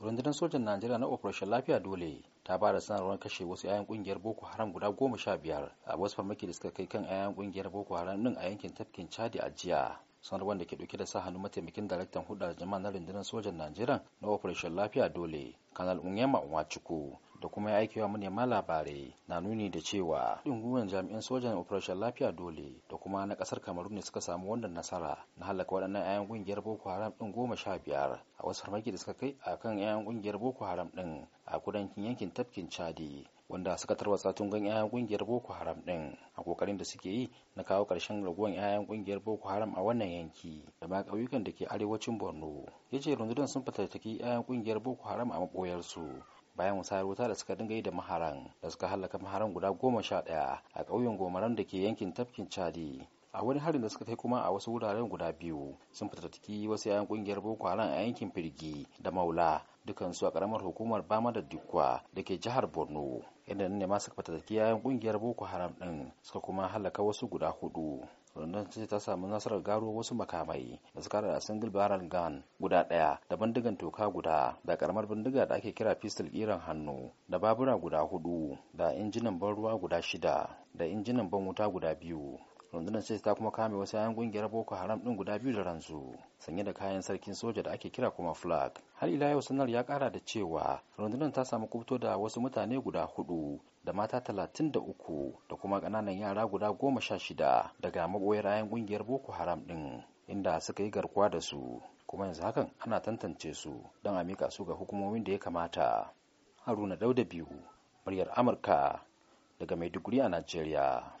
rundunar sojan najeriya na operation lafiya dole ta ba da sanarwar kashe wasu 'ya'yan kungiyar boko haram guda goma sha biyar a wasu farmaki da suka kai kan 'ya'yan kungiyar boko haram din a yankin tafkin chadi a jiya sanarwar da ke dauke da sa hannu mataimakin daraktan hudu da jama'a na rundunar sojan najeriya na operation lafiya dole kanal unyama nwachukwu kuma ya aikewa manema labarai na nuni da cewa ɗunguwan jami'an sojan operation lafiya dole da kuma na ƙasar kamaru ne suka samu wannan nasara na halaka waɗannan 'ya'yan ƙungiyar boko haram ɗin goma sha biyar a wasu farmaki da suka kai a kan 'ya'yan ƙungiyar boko haram ɗin a kudancin yankin tafkin chadi wanda suka tarwatsa tungan 'ya'yan kungiyar boko haram ɗin a kokarin da suke yi na kawo karshen raguwan 'ya'yan kungiyar boko haram a wannan yanki da ma ƙauyukan da ke arewacin borno ya ce rundunar sun fatattaki 'ya'yan kungiyar boko haram a maɓoyarsu bayan musayar wuta da suka dinga yi da maharan da suka hallaka maharan guda goma sha ɗaya a ƙauyen gomaran da ke yankin tafkin chadi a wani harin da suka kai kuma a wasu wuraren guda biyu sun fitattaki wasu 'ya'yan kungiyar boko haram a yankin firgi da maula dukansu a karamar hukumar bama da dukwa da ke jihar borno inda nuna ne ma suka fatattaki yayan kungiyar boko haram din suka kuma halaka wasu guda hudu rundun ce ta samu nasarar garo wasu makamai da suka da single barrel gun guda daya da bindigan toka guda da karamar bindiga da ake kira pistol kiran hannu da babura guda hudu da injinan ban ruwa guda shida da injinan ban wuta guda biyu rundunar ce ta kuma kame wasu yayan kungiyar boko haram din guda biyu da ransu sanye da kayan sarkin soja da ake kira kuma flag har ila yau sanar ya kara da cewa rundunar ta samu kubuto da wasu mutane guda hudu da mata talatin da uku da kuma ƙananan yara guda goma sha shida daga maɓoyar yayan kungiyar boko haram din inda suka yi garkuwa da su kuma yanzu hakan ana tantance su don a mika su ga hukumomin da ya kamata haruna dauda biyu muryar amurka daga maiduguri a najeriya